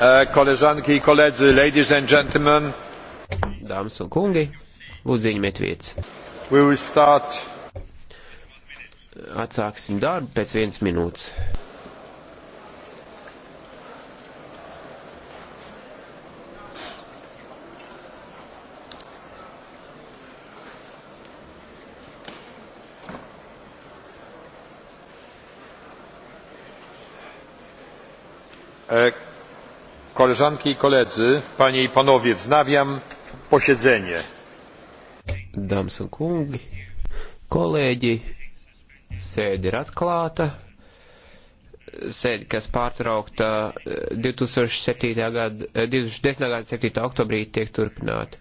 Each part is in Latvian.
Uh, koleżanki i koledzy, ladies and gentlemen. Dāmas un kungi, lūdzu ieņemiet vietas. We will start. Atsāksim darbu pēc vienas minūtes. Uh, koleżanki i koledzy panie i panowie wznawiam posiedzenie Dāmas un kungi, kolēģi, sēde ir atklāta. Sēde, kas pārtraukta 2007. Eh, gada, 2010. Eh, gada 7. oktobrī, tiek turpināta.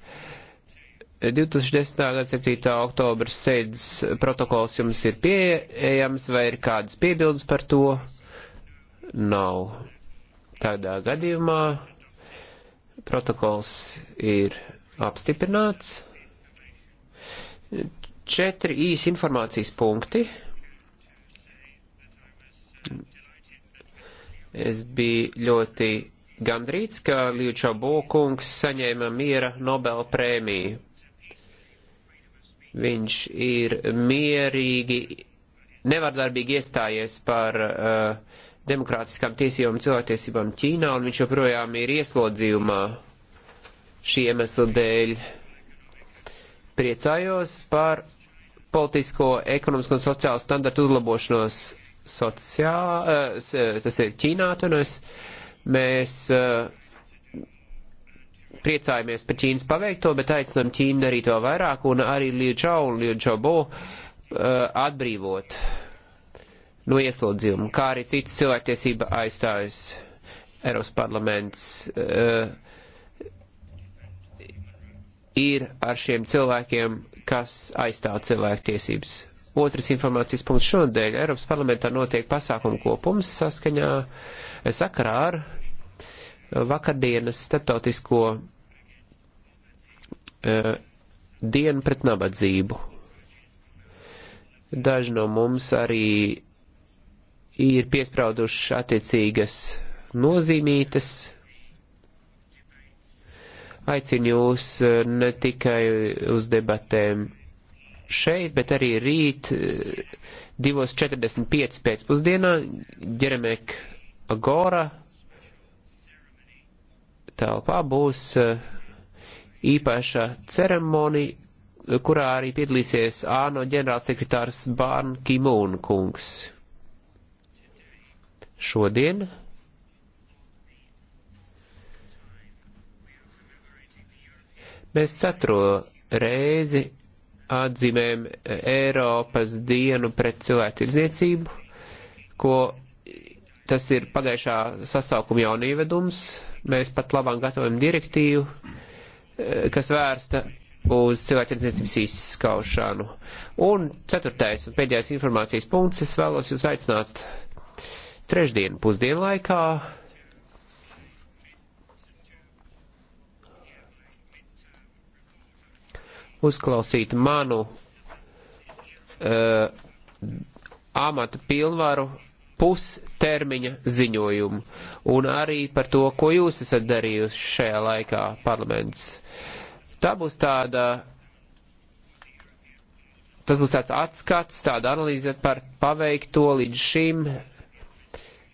2010. Eh, gada 7. oktobra sēdes protokols jums ir pieejams vai ir kādas piebildes par to? Nav. Tādā gadījumā protokols ir apstiprināts. Četri īsi informācijas punkti. Es biju ļoti gandrīz, ka Līča Bokungs saņēma miera Nobel prēmiju. Viņš ir mierīgi, nevardarbīgi iestājies par uh, demokrātiskām tiesībām un cilvēktiesībām Ķīnā, un viņš joprojām ir ieslodzījumā šī iemesla dēļ. Priecājos par politisko, ekonomisko un sociālo standartu uzlabošanos sociā, eh, tas ir Ķīnā, un es, mēs eh, priecājamies par Ķīnas paveikto, bet aicinām Ķīnu darīt vēl vairāk un arī Liu Čau un Liu Čau Bo eh, atbrīvot no ieslodzījuma, kā arī citas cilvēktiesība aizstājas Eiropas parlaments uh, ir ar šiem cilvēkiem, kas aizstāv cilvēktiesības. Otrs informācijas punkts šodien Eiropas parlamentā notiek pasākumu kopums saskaņā eh, sakarā ar eh, vakardienas starptautisko uh, dienu pret nabadzību. Daži no mums arī ir piesprauduši attiecīgas nozīmītas. Aicinu jūs e, ne tikai uz debatēm šeit, bet arī rīt 2.45 e, pēcpusdienā Ģeremek Agora telpā būs e, īpaša ceremonija, kurā arī piedalīsies ANO ģenerālsekretārs Bārn Kimūn kungs šodien mēs cetro reizi atzīmējam Eiropas dienu pret cilvēktirdzniecību, ko tas ir pagājušā sasaukuma jaunievedums. Mēs pat labāk gatavojam direktīvu, eh, kas vērsta uz cilvēktirdzniecības izskaušanu. Un ceturtais un pēdējais informācijas punkts, es vēlos jūs aicināt Trešdien pusdienlaikā uzklausīt manu uh, amata pilnvaru pustermiņa ziņojumu un arī par to, ko jūs esat darījusi šajā laikā parlaments. Tā būs tāda, tas būs tāds atskats, tāda analīze par paveikto līdz šim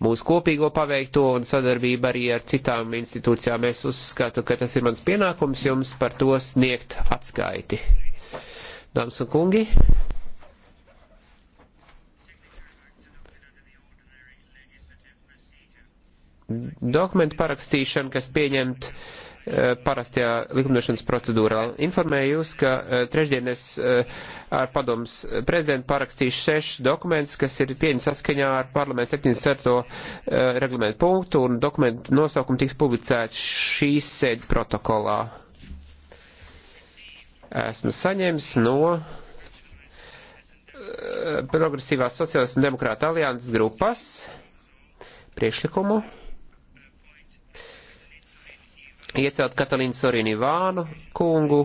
mūsu kopīgo paveikto un sadarbību arī ar citām institūcijām. Es uzskatu, ka tas ir mans pienākums jums par to sniegt atskaiti. Dāmas un kungi. Dokumentu parakstīšana, kas pieņemta Eh, parastajā likumdošanas procedūrā. Informēju jūs, ka eh, trešdien es eh, ar padomus prezidentu parakstīšu sešus dokumentus, kas ir pieņemts saskaņā ar parlamentu 74. reglamentu punktu, un dokumentu nosaukumu tiks publicēts šīs sēdes protokolā. Esmu saņēmis no progresīvās sociālas un demokrāta alianses grupas priekšlikumu iecelt Katalīnu Sorīnu Vānu kungu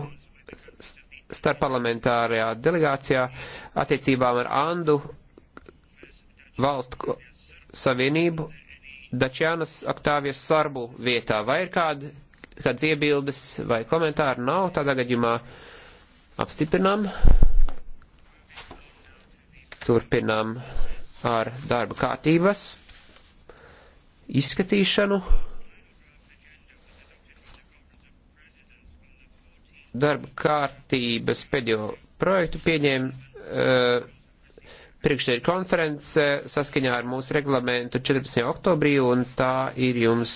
starpparlamentārajā delegācijā attiecībām ar Andu valstu savienību Dačianas Oktāvijas Sarbu vietā. Vai ir kādi, kāds iebildes vai komentāri? Nav, tādā gadījumā apstiprinām. Turpinām ar darba kārtības izskatīšanu. darba kārtības pēdējo projektu pieņēma uh, eh, priekšsēdļu konference saskaņā ar mūsu reglamentu 14. oktobrī, un tā ir jums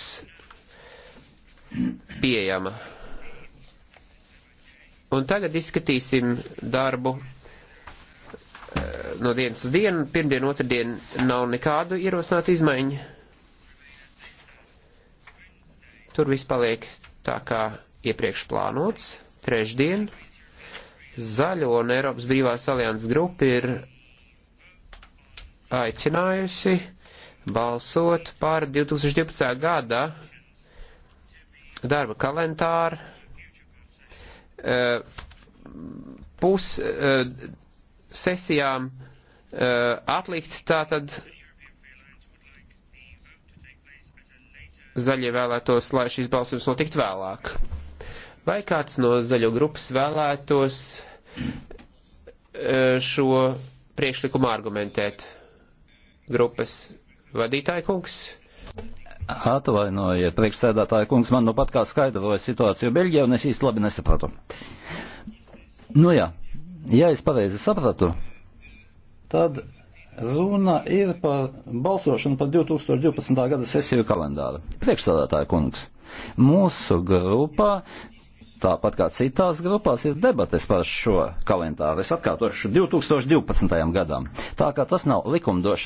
pieejama. Un tagad izskatīsim darbu uh, no dienas uz dienu. Pirmdien, otrdien nav nekādu ierosinātu izmaiņu. Tur viss paliek tā kā iepriekš plānots trešdien Zaļo un Eiropas brīvās alianses grupa ir aicinājusi balsot par 2012. gada darba kalendāru eh, pus eh, sesijām eh, atlikt tātad zaļie vēlētos, lai šīs balsojums notikt vēlāk. Vai kāds no zaļo grupas vēlētos eh, šo priekšlikumu argumentēt? Grupas vadītāja kungs? Atvainojiet, priekšsēdētāja kungs, man nu pat kā skaidroja situāciju Beļģijā, un es īsti labi nesapratu. Nu jā, ja es pareizi sapratu, tad Runa ir par balsošanu par 2012. gada sesiju kalendāru. Priekšstādātāja kungs, mūsu grupa tāpat kā citās grupās, ir debates par šo kalendāru. Es atkārtošu 2012. gadam. Tā kā tas nav likumdošana.